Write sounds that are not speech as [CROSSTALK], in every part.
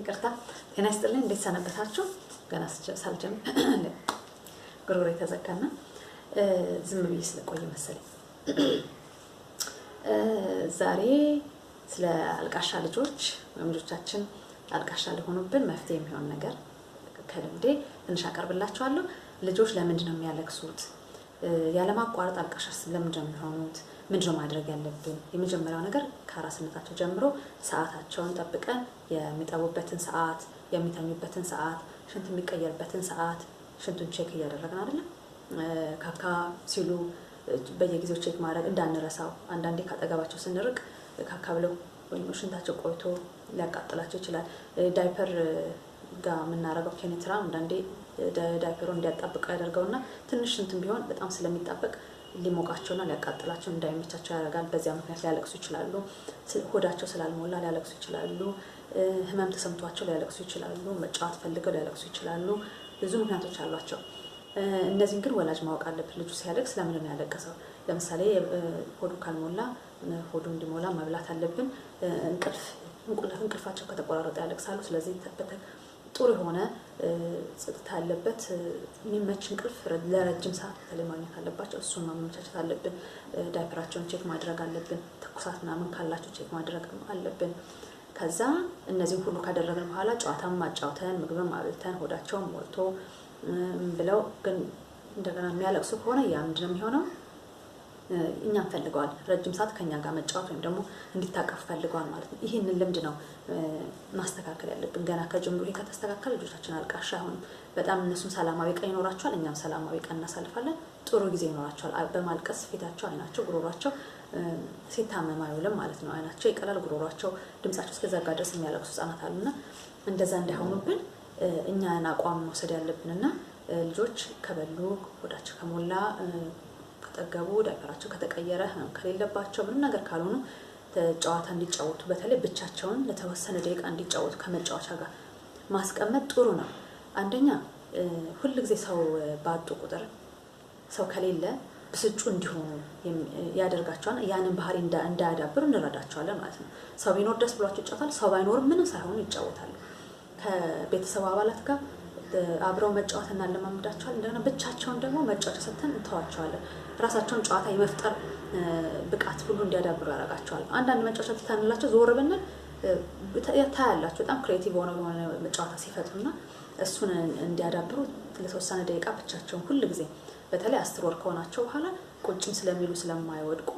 ይቅርታ። ጤና ይስጥልኝ። እንዴት ሰነበታችሁ? ገና ሳልጀምር [CLEARS THROAT] ጉርጉር የተዘጋና ዝም ብዬ ስለቆየ መሰለኝ። ዛሬ ስለ አልቃሻ ልጆች ወይም ልጆቻችን አልቃሻ ሊሆኑብን መፍትሄ የሚሆን ነገር ከልምዴ ትንሽ አቀርብላችኋለሁ። ልጆች ለምንድን ነው የሚያለቅሱት? ያለማቋረጥ አልቃሻስ ለምንድን ነው የሚሆኑት? ነው ማድረግ ያለብን? የመጀመሪያው ነገር ከአራስነታቸው ጀምሮ ሰዓታቸውን ጠብቀን የሚጠቡበትን ሰዓት፣ የሚተኙበትን ሰዓት፣ ሽንት የሚቀየርበትን ሰዓት ሽንቱን ቼክ እያደረግን አይደለም። ካካ ሲሉ በየጊዜው ቼክ ማድረግ እንዳንረሳው። አንዳንዴ ካጠገባቸው ስንርቅ ካካ ብለው ሽንታቸው ቆይቶ ሊያቃጥላቸው ይችላል። ዳይፐር ጋ የምናደርገው ኬኔትራ አንዳንዴ ዳይፐሩ እንዲያጣብቀው ና ትንሽ እንትን ቢሆን በጣም ስለሚጣበቅ ሊሞቃቸውና ሊያቃጥላቸው እንዳይመቻቸው ያደርጋል። በዚያ ምክንያት ሊያለቅሱ ይችላሉ። ሆዳቸው ስላልሞላ ሊያለቅሱ ይችላሉ። ህመም ተሰምቷቸው ሊያለቅሱ ይችላሉ። መጫወት ፈልገው ሊያለቅሱ ይችላሉ። ብዙ ምክንያቶች አሏቸው። እነዚህን ግን ወላጅ ማወቅ አለብን። ልጁ ሲያለቅስ ለምን ነው ያለቀሰው? ለምሳሌ ሆዱ ካልሞላ ሆዱ እንዲሞላ መብላት አለብን። እንቅልፍ እንቅልፋቸው ከተቆራረጠ ያለቅሳሉ። ስለዚህ ጥሩ የሆነ ጸጥታ ያለበት የሚመች እንቅልፍ ለረጅም ሰዓት በተለይ ማግኘት አለባቸው። እሱን ማመቻቸት አለብን። ዳይፐራቸውን ቼክ ማድረግ አለብን። ትኩሳት ምናምን ካላቸው ቼክ ማድረግ አለብን። ከዛ እነዚህ ሁሉ ካደረግን በኋላ ጨዋታም ማጫውተን ምግብም አብልተን ሆዳቸውም ሞልቶ ብለው ግን እንደገና የሚያለቅሱ ከሆነ ያ ምንድነው የሚሆነው? እኛን ፈልገዋል ረጅም ሰዓት ከኛ ጋር መጫወት ወይም ደግሞ እንዲታቀፍ ፈልገዋል ማለት ነው። ይህንን ልምድ ነው ማስተካከል ያለብን። ገና ከጀምሮ ይህ ከተስተካከለ ልጆቻችን አልቃሻ አይሆንም። በጣም እነሱም ሰላማዊ ቀን ይኖራቸዋል፣ እኛም ሰላማዊ ቀን እናሳልፋለን። ጥሩ ጊዜ ይኖራቸዋል። በማልቀስ ፊታቸው፣ አይናቸው፣ ጉሮሯቸው ሲታመም አይውልም ማለት ነው። አይናቸው ይቀላል፣ ጉሮሯቸው፣ ድምጻቸው እስከዛጋ ድረስ የሚያለቅሱ ህጻናት አሉና እንደዛ እንዳይሆኑብን እኛን አቋም መውሰድ ያለብንና ልጆች ከበሉ ወዳቸው ከሞላ ካልጠገቡ ዳይፐራቸው ከተቀየረ ህመም ከሌለባቸው ምንም ነገር ካልሆኑ ጨዋታ እንዲጫወቱ በተለይ ብቻቸውን ለተወሰነ ደቂቃ እንዲጫወቱ ከመጫወቻ ጋር ማስቀመጥ ጥሩ ነው። አንደኛ ሁል ጊዜ ሰው ባጡ ቁጥር ሰው ከሌለ ብስጩ እንዲሆኑ ያደርጋቸዋል። ያንን ባህሪ እንዳያዳብሩ እንረዳቸዋለን ማለት ነው። ሰው ቢኖር ደስ ብሏቸው ይጫወታል። ሰው ባይኖርም ምንም ሳይሆኑ ይጫወታሉ። ከቤተሰቡ አባላት ጋር አብረው መጫወት እናለማምዳቸዋለን። እንደገና ብቻቸውን ደግሞ መጫወቻ ሰጥተን እንተዋቸዋለን። ራሳቸውን ጨዋታ የመፍጠር ብቃት ሁሉ እንዲያዳብሩ ያደርጋቸዋል። አንዳንድ መጫወቻ ትተንላቸው ዞር ብንል ታያላቸው በጣም ክሬቲቭ ሆነው የሆነ ጨዋታ ሲፈጥሩና እሱን እንዲያዳብሩ ለተወሰነ ደቂቃ ብቻቸውን ሁል ጊዜ በተለይ አስር ወር ከሆናቸው በኋላ ቁጭም ስለሚሉ ስለማይወድቁ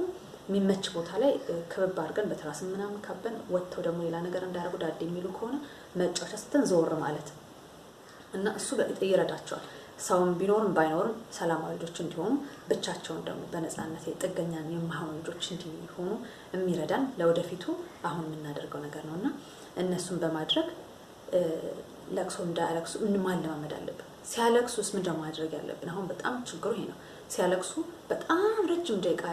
የሚመች ቦታ ላይ ክብብ አድርገን በትራስ ምናምን ካበን ወጥተው ደግሞ ሌላ ነገር እንዳያደርጉ ዳድ የሚሉ ከሆነ መጫወቻ ስተን ዘወር ማለት ነው። እና እሱ ይረዳቸዋል። ሰውም ቢኖርም ባይኖርም ሰላማዊ ልጆች እንዲሆኑ ብቻቸውን ደግሞ በነፃነት የጥገኛ የማይሆኑ ልጆች እንዲሆኑ የሚረዳን ለወደፊቱ አሁን የምናደርገው ነገር ነው እና እነሱን በማድረግ ለቅሶ እንዳያለቅሱ ማለማመድ አለብን። ሲያለቅሱስ ምንድን ማድረግ ያለብን? አሁን በጣም ችግሩ ይሄ ነው። ሲያለቅሱ በጣም ረጅም ደቂቃ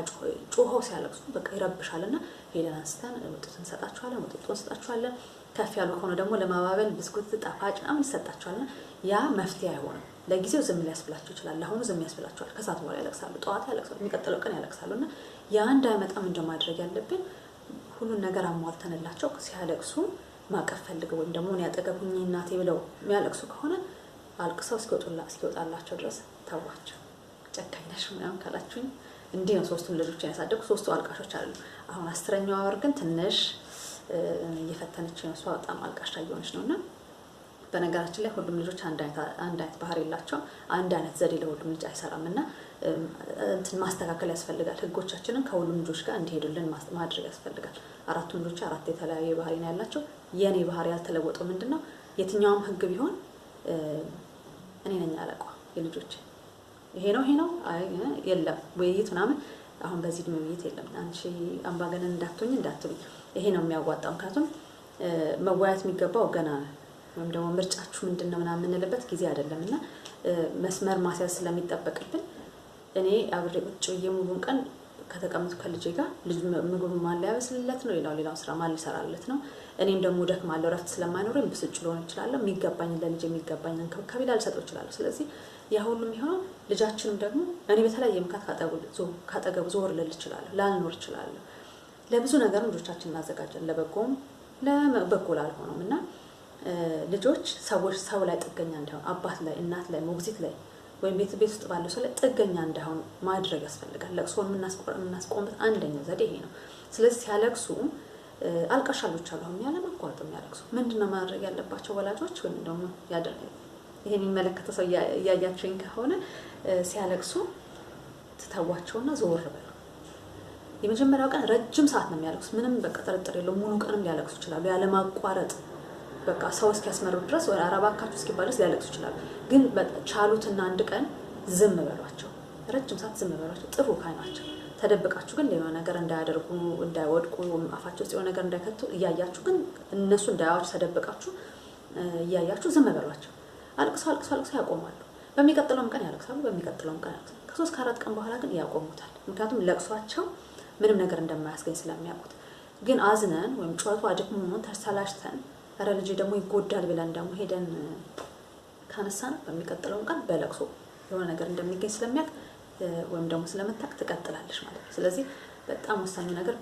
ጮኸው ሲያለቅሱ በቃ ይረብሻል እና ሄደን አንስተን ወጡት እንሰጣችኋለን፣ ወጡት እንሰጣችኋለን። ከፍ ያሉ ከሆነ ደግሞ ለማባበል ብስኩት፣ ጣፋጭ ምናምን ይሰጣችኋልና ያ መፍትሄ አይሆንም። ለጊዜው ዝም ሊያስብላቸው ይችላል። ለአሁኑ ዝም ያስብላችኋል። ከሰዓት በኋላ ያለቅሳሉ፣ ጠዋት ያለቅሳሉ፣ የሚቀጥለው ቀን ያለቅሳሉ። እና ያ እንዳይመጣ ምንድን ማድረግ ያለብን ሁሉን ነገር አሟልተንላቸው ሲያለቅሱ ማቀፍ ፈልገው ወይም ደግሞ ያጠገብኝ እናቴ ብለው የሚያለቅሱ ከሆነ አልቅሰው እስኪወጣላቸው ድረስ ተዋቸው። ጨካኝ ነሽ ምናምን ካላችሁኝ እንዲህ ነው ሶስቱን ልጆች ያሳደጉ ሶስቱ አልቃሾች አሉ። አሁን አስረኛዋ ወር ግን ትንሽ እየፈተነች ነው። እሷ በጣም አልቃሽ እየሆነች ነው እና በነገራችን ላይ ሁሉም ልጆች አንድ አይነት ባህሪ የላቸው። አንድ አይነት ዘዴ ለሁሉም ልጅ አይሰራም እና እንትን ማስተካከል ያስፈልጋል። ህጎቻችንን ከሁሉም ልጆች ጋር እንዲሄዱልን ማድረግ ያስፈልጋል። አራቱም ልጆች አራት የተለያዩ ባህሪ ነው ያላቸው። የእኔ ባህሪ ያልተለወጠው ምንድን ነው? የትኛውም ህግ ቢሆን እኔ ነኝ አለቋ የልጆች ይሄ ነው ይሄ ነው የለም ውይይት ምናምን አሁን በዚህ እድሜ ውይይት የለም። አንቺ አምባገነን እንዳትሆኝ እንዳትሉኝ፣ ይሄ ነው የሚያዋጣው። ምክንያቱም መወያየት የሚገባው ገና ወይም ደግሞ ምርጫችሁ ምንድን ነው ምናምን የምንልበት ጊዜ አይደለም እና መስመር ማስያዝ ስለሚጠበቅብን እኔ አብሬ ቁጭ ብዬ ሙሉን ቀን ከተቀመጡ ከልጄ ጋር ልጅ ምግብ ማለያበስልለት ነው፣ ሌላው ሌላው ስራ ማልሰራለት ነው። እኔም ደግሞ ደክማለሁ፣ እረፍት ስለማይኖረ ብስጭ ሊሆን እችላለሁ። የሚገባኝ ለልጅ የሚገባኝ እንክብካቤ ላልሰጠው እችላለሁ። ስለዚህ ያሁን የሚሆነው ልጃችንም ደግሞ እኔ በተለያየ ምክንያት ካጠገቡ ዞር ልል እችላለሁ፣ ላልኖር እችላለሁ። ለብዙ ነገር ልጆቻችን እናዘጋጀን፣ ለበጎም ለበጎ ላልሆነውም እና ልጆች ሰዎች ሰው ላይ ጥገኛ እንዳይሆን አባት ላይ እናት ላይ ሞግዚት ላይ ወይም ቤት ቤት ውስጥ ባለው ሰው ላይ ጥገኛ እንዳይሆን ማድረግ ያስፈልጋል። ለቅሶ የምናስቆምበት አንደኛው ዘዴ ይሄ ነው። ስለዚህ ሲያለቅሱ አልቃሻሎች አሉ፣ ያለማቋረጥ የሚያለቅሱ ምንድነው ማድረግ ያለባቸው ወላጆች ወይም ደግሞ ይሄ የሚመለከተው ሰው እያያችሁኝ ከሆነ ሲያለቅሱ ትተዋቸውና ዘወር በሉ። የመጀመሪያው ቀን ረጅም ሰዓት ነው የሚያለቅሱ። ምንም በቃ ጥርጥር የለው ሙሉ ቀንም ሊያለቅሱ ይችላሉ ያለማቋረጥ በቃ ሰው እስኪያስመሩ ድረስ ወደ አረባካችሁ እስኪባል ድረስ ሊያለቅሱ ይችላሉ። ግን ቻሉትና አንድ ቀን ዝም በሏቸው፣ ረጅም ሰዓት ዝም በሏቸው። ጥሩ ካይናቸው ተደብቃችሁ ግን ሌላ ነገር እንዳያደርጉ እንዳይወድቁ፣ አፋቸው ውስጥ የሆነ ነገር እንዳይከቱ እያያችሁ ግን እነሱ እንዳያዋቸው ተደብቃችሁ እያያችሁ ዝም በሏቸው። አልቅሰው አልቅሰው አልቅሰው ያቆማሉ። በሚቀጥለውም ቀን ያለቅሳሉ፣ በሚቀጥለውም ቀን ያለቅሳሉ። ከሶስት ከአራት ቀን በኋላ ግን ያቆሙታል። ምክንያቱም ለቅሷቸው ምንም ነገር እንደማያስገኝ ስለሚያውቁት። ግን አዝነን ወይም ጩኸቱ አድክሞን ተሰላችተን ኧረ ልጄ ደግሞ ይጎዳል ብለን ደግሞ ሄደን ካነሳን በሚቀጥለውም ቀን በለቅሶ የሆነ ነገር እንደሚገኝ ስለሚያውቅ ወይም ደግሞ ስለምታውቅ ትቀጥላለች ማለት ነው። ስለዚህ በጣም ወሳኙ ነገር